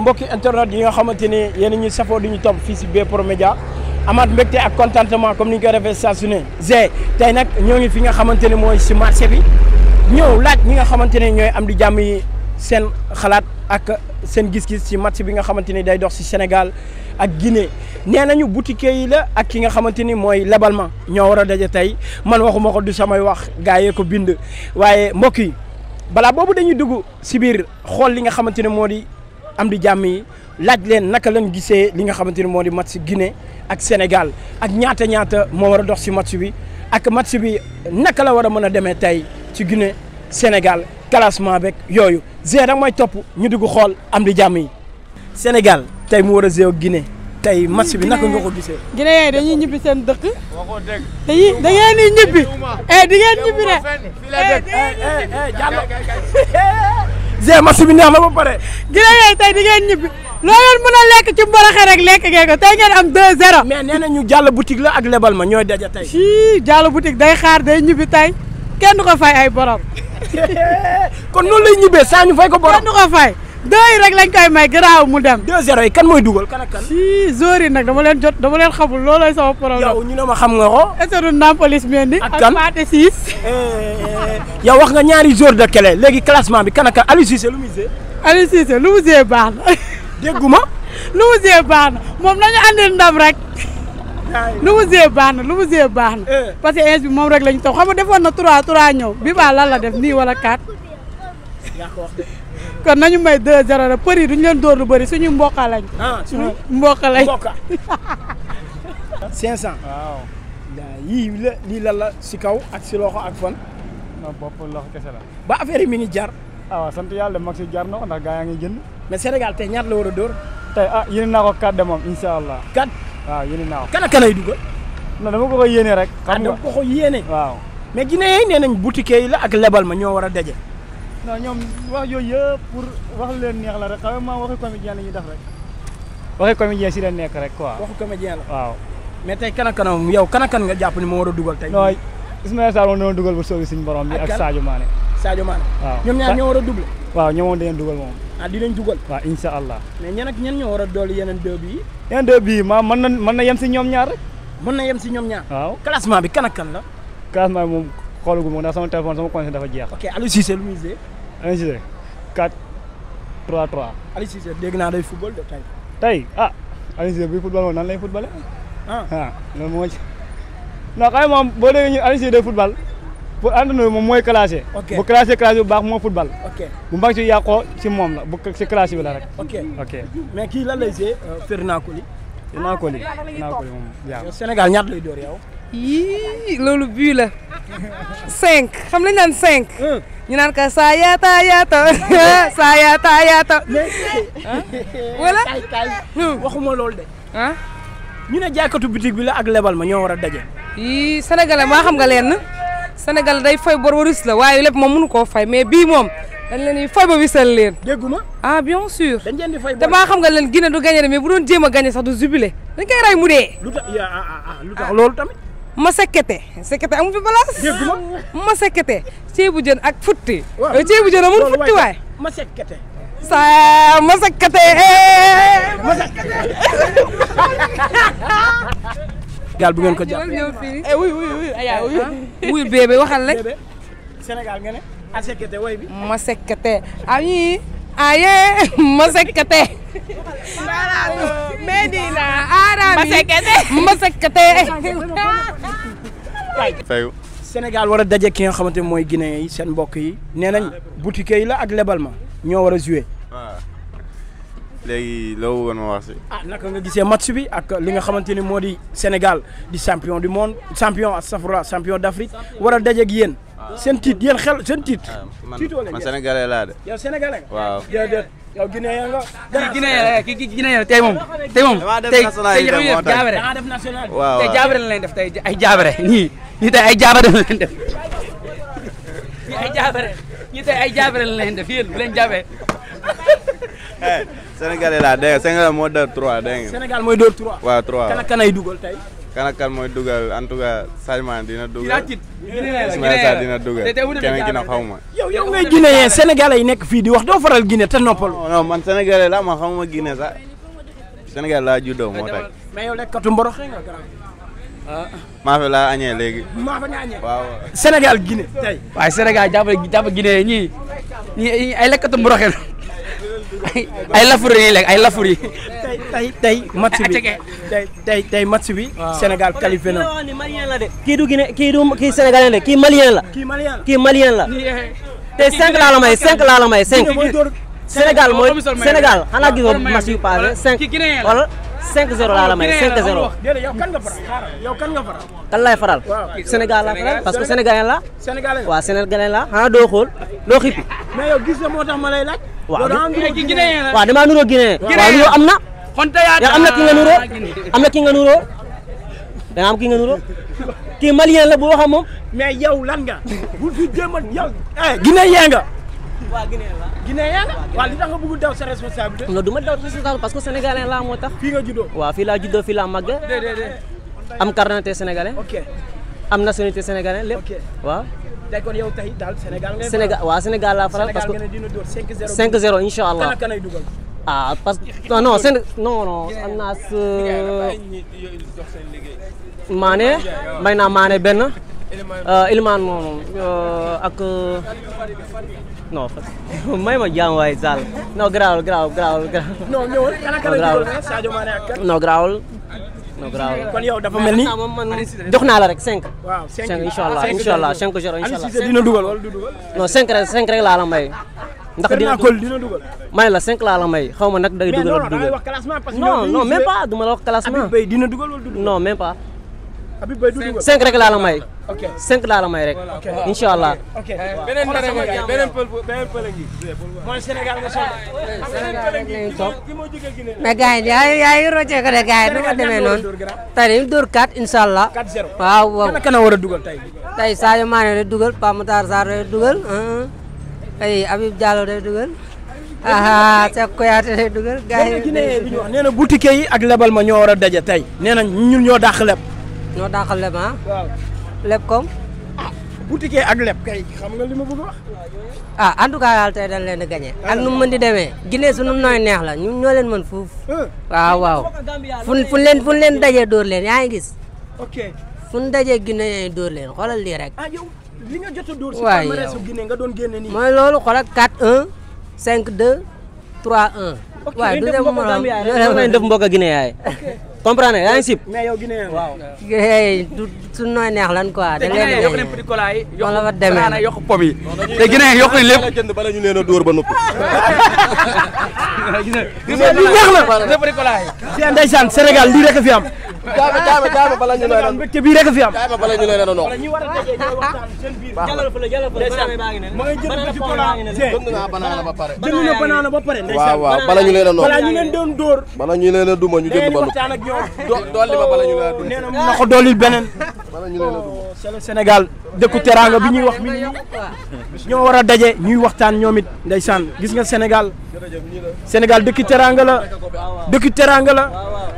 mbokki internet yi nga xamante ni yéen ñuy safoo di ñu topp fii si Bprod Média amaat mbégte ak contentement comme ni ñu koy defee saa tey nag ñoo ngi fi nga xamante ne mooy si marché bi ñëw laaj ñi nga xamante ne ñooy am di jàmm seen xalaat ak seen gis-gis si match bi nga xamante ni day dox si Sénégal ak Guinée nee nañu boutiquier yi la ak ki nga xamante ni mooy lebal ma ñoo war a daje tey man waxuma ko du samay wax gars yee ko bind waaye mbokk yi balaa boobu dañuy dugg si biir xool li nga xamante ne moo di. am di jàmm yi laaj leen naka lañ gisee li nga xamante ni moo di match Guinée ak Sénégal ak ñaata ñaata moo war a dox si match bi ak match bi naka la war a mën a demee tey ci Guinée Sénégal classement beeg yooyu Zé rek mooy topp ñu dugg xool am di jàmm yi. Sénégal tey mu war a zéew Guinée tey match bi naka nga ko gisee. Guinée dañuy ñibbi seen dëkk. dañuy da ngeen ñibbi. di ñibbi eh, de. Zé match bi neex na ba pare. dina yooyu tey di ngeen ñibbi loo leen mën a lekk ci mboroxe rek lekk ngeen ko tey ngeen am 2-0. mais nee nañu jàll boutique la ak lebal ma ñooy daja tey. sii jàll boutique day xaar day ñibbi tey kenn du ko fay ay borom. kon noonu lay ñibbee saa fay ko borom kenn ko fay. deux yi rek lañ koy may garaaw mu dem. deux kan mooy dugal kan ak kan. si nag dama leen jot dama leen xamul loolooy sama problème. yow ñu ne ma xam nga ko. est-ce que Nampalys Mendy ak Pathé Ciss. Eh, eh, yow wax nga ñaari jour de clé léegi classement bi kan ak kan Aliou Cissé lu mu gisee. Aliou lu mu gisee baax na. dégguma. lu mu gisee baax na moom nañu andil ndam rek. lu mu gisee baax na lu mu gisee baax na. Eh. parce que bi moom rek lañ toog xam nga defoon na 3 3 ñëw bi ba lan la def nii wala 4. yaa ko kon nañu may 2-0 rek për yi duñu leen dóor lu bëri suñu mboqa lañ. ah suñu mboqa lañ mboqa. 500. waaw. yii la lii lan la si kaw ak si loxo ak fan. non bopp loxo ba affaire yi mi ngi jar. ah waaw sant yàlla mag si jar na ko ndax gaa yaa ngi jënd. mais Sénégal la war a dóor. tey ah yéene naa ko kat de moom incha allah. waaw yéene naa ko. kan dama ko ko rek. xam ah, nga ah dama ko ko yéene. waaw nañ boutique yi la ak lebal ma ñoo war a daje. non ñoom wax yooyu yëpp pour wax leen neex la rek xam ma waxi comédien la ñuy def rek. waxi comédien si leen nekk rek quoi. waxu comédien la waaw. mais tey kan ak kanam yow kan nga jàpp ni moo war a dugal tey. non Ismaïla Sarr moom dina dugal ba soobi suñu borom bi ak Sadio Mané. Sadio Mané waaw ñoom ñaar ñoo war a double. waaw ñoom moom dinañ dugal moom. ah dinañ dugal. waaw incha allah. mais ñan ak ñan ñoo war a dolli yeneen deux bi yi. yeneen deux bi maa mën na mën na yem si ñoom ñaar mën na yem si ñoom ñaar. waaw classement bi kan ak kan la. classement bi moom xoolagu ma ndax sama téléphone sama conseil dafa jeex. ok Aliou Cissé lu muy joué. Aliou Cissé 4 3 3. Aliou Cissé dégg naa day football de tey. tey ah Aliou Cissé buy football moom nan lay footballé. ah ah loolu moo ci. non xëy moom boo déggee ñu Aliou Cissé day football pour entraîneur moom mooy classé. ok bu classé classé bu baax moo football. ok bu mbaa si yàqoo si moom la bu si classé bi la rek. ok ok mais kii lan lay joué euh, Ferland Coly. Ferland Coly Ferland Coly moom. Sénégal ñaata lay door yow. yii loolu bii la. cinq xam lañ naan cinq. ñu naan ka saa yaata yaata saa yaata yaata. wala. waxuma loolu de. ah. ñu ne jaaykatu bitig bi la ak lebal ma ñoo war a daje. yii sénégalais maa xam nga leen Sénégal day fay bor waris la waaye lépp moom mënu koo fay mais bii moom dañ leen di fay ba wisal leen. dégguma ah bien sûr. dañ leen di fay xam nga leen Guinée du gagné mais bu doon jéem a gagné sax du jubilé dañ koy rey mu dee. lu tax ah ah ah loolu tamit. ma sekkete sekkete amu fi place. ma sekkete ceebu jën ak futti. waaw ceebu jën futti waay. ma sekkete. gaal bu ngeen ko jàpp eh, wuy wuy eh, ah. waxal rek. nga ne. ma sekkete. ayi aye ma sekkete. Medina arabi mbasekete fayu Sénégal war a daje ki nga xamante mooy Guinée yi seen mbokk yi nee nañ boutique yi la ak lebal ma ñoo war a joué léegi loo woon ma wax ah, naka nga gisee match bi ak li nga xamante ni moo di senegal di champion du monde champion safra champion d'Afrique war a dajeeg yéen. seen titre yéen xel seen titre. Ah, man man laa de. yow Guinée nga. kii Guinée la kii Guinée la tey moom. tey moom tey tey tey jaabare la leen def tey ay jaabare ñii ñii tey ay jaabare la leen def ay jaabare ñii tey ay jaabare la leen def yéen bu leen jaabee. Eh, Sénégal yi laa mooy dóor 3. waaw 3 ay dugal tey. kan ak kan mooy dugal en tout cas dina dugal. Ismaïla Sarr dina dugal. keneen ki na xaw ma. yow yow yi nekk fii di wax doo faral Guinée te noppalu. man Sénégalais la ma xamuma Guinée sax Sénégal laa juddoo moo tax. mais yow mboro ah. maafe laa añee léegi. maafe nga añee waaw. Sénégal Guinée tey. waaye Sénégal jàppale ay lekkatu mboroxe la. ay lafur yi lekk ay lafur yi. tey tey match bi tey tey tey match bi. Sénégal qualifié na. kii du kii du kii sénégalais la kii malien la. kii malien la kii malien la. Eh. tey cinq laa la may cinq laa la may cinq. Sénégal mooy Sénégal xanaa gisoo match yu paase cinq wala. 5 0 laa la may 5 0. yow kan faral yow kan Sénégal laa faral parce que sénégalais la. sénégalais waaw sénégalais la ah doo xool doo xippi. mais yow gis tax ma lay laaj. waaw waaw damaa nuroo Guinée. waaw nuroo am na. yow am na nga nuroo am nga am ki nga nuroo kii malien la bu wax mais yow lan nga. Eh, Guinée yee waa Guinée la Guinéen la que sénégalais tax. laa juddoo fii laa màggee. am carte d'identité sénégalais. ok am nationalité sénégalais lépp. ok yow tey daal Sénégal ngay. Sénégal waaw Sénégal laa faral parce que Sénégal ngeen di allah kan ah, parce que non Sén am euh, naa sa. Mané may benn. Iliman euh, moom euh, ak. non may ma jàmm waaye Sall non garaawul garaawul garaawul garaawul. non ñëwul kan ak kan la jëloon rek naa la rek 5. waaw 5 incha allah cinq allah 5 du dugal. non rek laa la may. ndax dina dugal ma ne la 5 laa la may xaw ma nag day dugal ak dugal. non non même la wax classement. dina dugal wala dugal non même cinq rek laa la may. ok may rek. incha allah. ok eh, beneen mooy Sénégal nga soxla. yi yaa de gars yi nu ma demee noonu. tey dañuy waaw waaw. kan a war a dugal tey. tey Sadio Mané day dugal Pape Matar Sarr day dugal. ay Habib Diallo day dugal. ah ah Seck Koyaate day dugal. gars yi ak lebal ma ñoo war a daje tey. nee na ñun ñoo dàq leb. ñoo daaxal leb ah. waaw leb comme. ah boutique ak leb kay xam nga li ma bëgg wax. Ah, en tout cas daal dañ leen di gagné. ak nu mu mën di demee. Guinée suñu nooy neex la ñun ñoo leen mën fuuf. waaw waaw fu fu leen fu leen dajee dóor leen yaa gis. ok fu ñu dajee Guinée dóor leen xoolal lii rek. ah yow li nga jot a dóor si nga doon génne nii. mooy loolu xoolal 4 1 5 2 3 1. ok waaw du def mbokk Guinée yaay. comprendre yaa ngi sib. mais yow Guinée waaw. du su nooy neex lan quoi. da leen di yokk leen petit cola yi yokk banana yokk pom yi. te Guinée yokk nañ lépp jënd bala ñu leen a dóor ba noppi. gis nga li neex la. petit cola yi. ndeysaan Sénégal lii rek a fi am. jaama jaama jaama bala ñu lay doon te bii rek fi am jaama bala ñu lay doon ndox. ñu war a dajee ñooy waxtaan seen biir. jàllal fële jàllal fële banana baa ngi ne ma ngay jënd ci banana jënd na banana ba pare jënd na banana ba pare waaw waaw bala ñu lay doon ndox bala ñu leen doon dóor bala ñu leen a duma ñu jënd ba lu ma oh, na ko dollil beneen bala ñu a oh, dëkku teraanga bi ñuy wax mi ñoo war a daje ñuy waxtaan ñoom it ndeysaan gis nga Sénégal Sénégal teraanga la dëkku teraanga la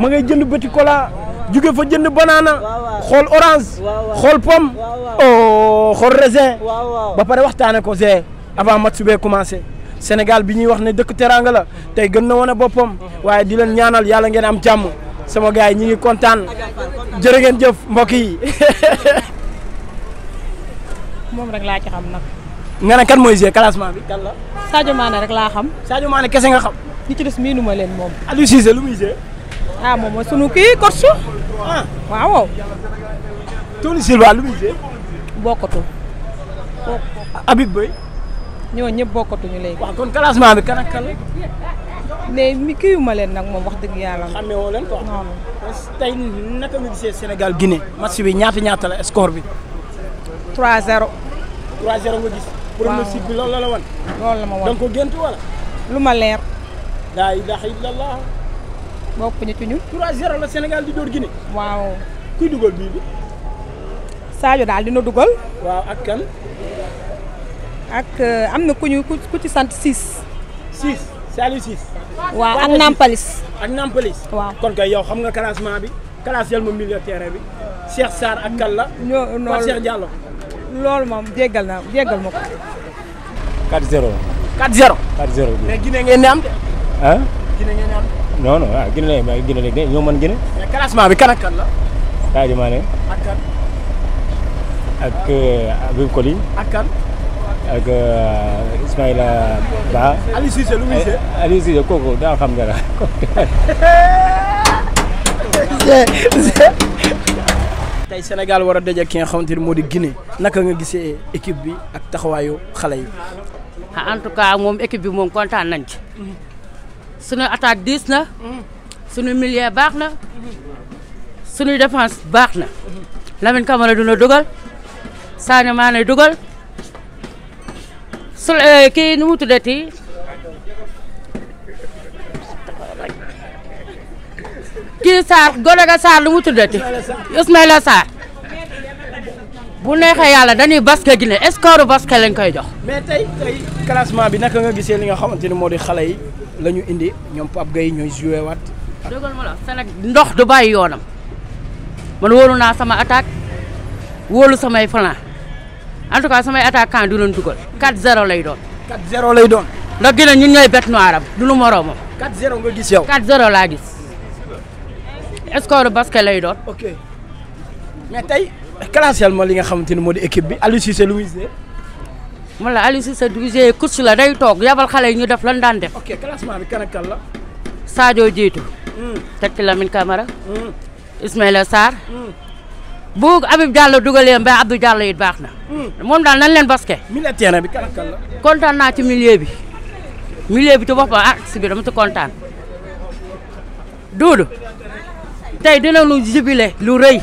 ma ngay jënd bëti jóge fa jënd banana xool orange xool pomme o oh, xool raisin ba pare waxtaane ko g avant match bee commencé Sénégal bi ñuy wax ne dëkk teraanga la tey gën na wane boppam waaye di ñaanal yàlla ngeen am jàmm sama gars yi ñi ngi kontaan jërë ngeen jëf mbokk yi moom rek laa ci xam nag nga ne kan mooy g classement bi kan la Sadio Mané rek laa xam Sadio Mané kese nga xam ñi ci des miinu ma leen moom Aliou Cissé lu ah moom mooy sunu kii coach. ah waaw. Tony Silva lu muy jël. bokkatu. Habib Boy. ñoo ñëpp bokkatuñu léegi. waaw kon classement bi kan ak mi kii yu ma leen nag moom wax dëgg yàlla. xamee woo leen quoi non non. tey naka nga gisee Sénégal Guinée. ñaata ñaata la score bi. 3-0. 3 nga gis. waaw pronostic bi loolu la la wan. loolu la ma wan da nga wala. lu ma leer. bokkuñu ci ñun. 3-0 la Sénégal di dóor Guinée. waaw kuy dugal bii bi. Sadio daal dina dugal. waaw ak kan. ak euh, am na ku ku ci sant Ciss. Ciss Saliou Ciss. waaw ak Nampalis. ak Nampalis. waaw kon kay yow xam nga classement bi. classe yal ma milieu terrain bi. Cheikh Sarr ak kan la. ñoo loolu Cheikh Diallo. loolu moom jéggal naa jéggal ma ko. 4-0. 4-0. 4-0 mais Guinée ngeen di am de. ah Guinée ngeen di am. non non waaw ah, Guinée lay ñoo mën Guinée. mais bi kan ak kan la. Sadio Mané. ak kan. ak euh, Habib Koli. ak kan. ak euh, Ismaïla Ba. Aliou Cissé lu muy Cissé. Eh, Aliou Cissé kooku daa xam tey Sénégal war a daje ki moo di Guinée naka nga gisee équipe bi ak taxawaayu xale yi. Ah, en tout cas moom équipe bi moom kontaan nañ ci. Mm-hmm. suñu attaque diis na suñu milieu baax na suñu défense baax na Lamine Camara dina dugal Sadio Mané dugal su eh, kii nu mu tuddati kii Sarr gone ga Sarr lu mu tuddati Ismaïla Sarr bu neexee yàlla dañuy basket gi ne score basket lañ koy jox. mais tey tey classement bi naka nga gisee li nga xamante ni moo di xale yi. la ñu indi ñoom Pape Gueye ñooy joué waat. dëggal ma ndox du bàyyi yoonam man wóolu naa sama attaque wóolu samay flan en tout cas samay attaquant du leen dugal 4-0 lay doon. 4-0 lay doon. ndax gën a ñun ñooy bête noire am du nu moroomam. 4-0 nga gis yow. 4-0 laa gis. score basket lay doon. ok mais tey ma li nga xamante ni moo di équipe bi Aliou Cissé lu muy mu la Aliou Cissé du G la day toog yabal xale yi ñu def lan daan def. ok classement bi kan la. Sadio Diédhiou. Hmm. teg ci Lamine Camara. Hmm. Ismaïla Sarr. Hmm. bu Habib Diallo dugalee mbay Abdou Diallo it baax na. moom daal nan leen basket. milieu terrain bi kan ak kan kontaan naa ci milieu bi. milieu bi ci boppam ah si bi dama ci kontaan. Doudou tey dina lu jubilé lu rëy.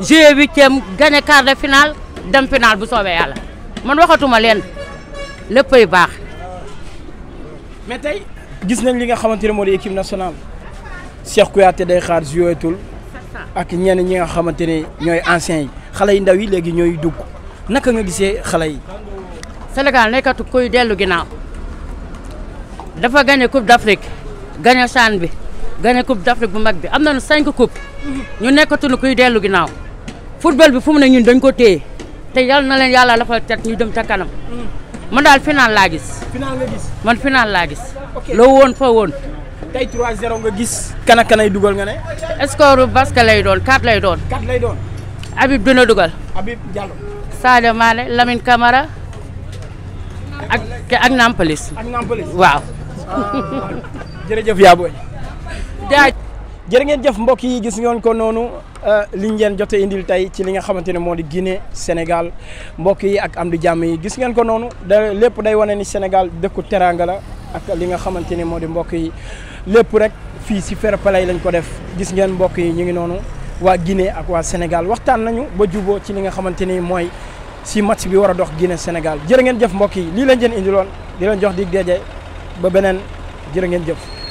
joué huitième gagné quart de finale dem finale bu soobee yàlla. man waxatuma leen lépp ay baax. mais tey gis nañ li nga xamante ne moo di équipe nationale. Cheikh Kouyaté day xaar jouetul ak ñenn ñi nga xamante ne ñooy anciens yi xale yu ndaw yi léegi ñooy dugg naka nga gisee xale yi. senegal nekkatu kuy dellu gi naaw dafa gagné coupe d'Afrique gagné CHAN bi gagné coupe d'Afrique bu mag bi am nañu cinq coupes mhm. ñu nekkatuñu kuy dellu ginnaaw football bi fu mu ne ñun dañ ko téye. te yal na leen yàlla dafa cat ñu dem ca kanam. Mm. man daal final laa gis. final nga laa gis. loo woon fa woon. tey 3-0 nga gis. kan ak dugal nga ne. score basket lay doon 4 lay doon. 4 lay doon. Habib dina dugal. Habib Diallo. Sadio Mané Lamine ak ak Nampalis. ak waaw. Ah, jërë ngeen jëf mbokk yi gis ngeen ko noonu euh, liñ ngeen jote indil tey ci li nga xamante ne moo di Guinée Sénégal mbokk yi ak am di jàmm yi gis ngeen ko noonu da lépp day wane ni Sénégal dëkku teraanga la ak li nga xamante ne moo di mbokk yi lépp rek fii si fair play lañ ko def gis ngeen mbokk yi ñu ngi noonu waa Guinée ak waa Sénégal waxtaan nañu ba juboo ci li nga xamante ni mooy si match bi war a dox Guinée Sénégal jërë ngeen jëf mbokk yi lii lañ leen indiloon di leen jox di daje ba beneen jërë ngeen jëf